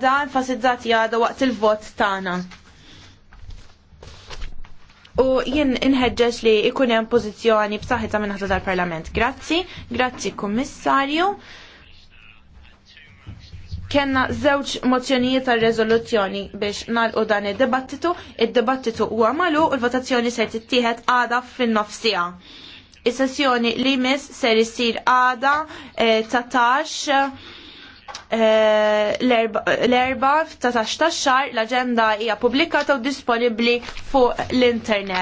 da enfasizzat jada waqt il-vot tagħna. U jien inħeġġeġ li ikun hemm pożizzjoni b'saħħitha minn ħadd tal-Parlament. Grazzi, grazzi Kummissarju. Kenna żewġ mozzjonijiet tal rezoluzzjoni biex nalqu dan id-dibattitu, id-dibattitu u għamalu u l-votazzjoni se tittieħed għada fin-nofsija. Is-sessjoni li mis ser isir għada eh, l-erba ta' tax xar l-agenda hija pubblikata u disponibbli fuq l-internet.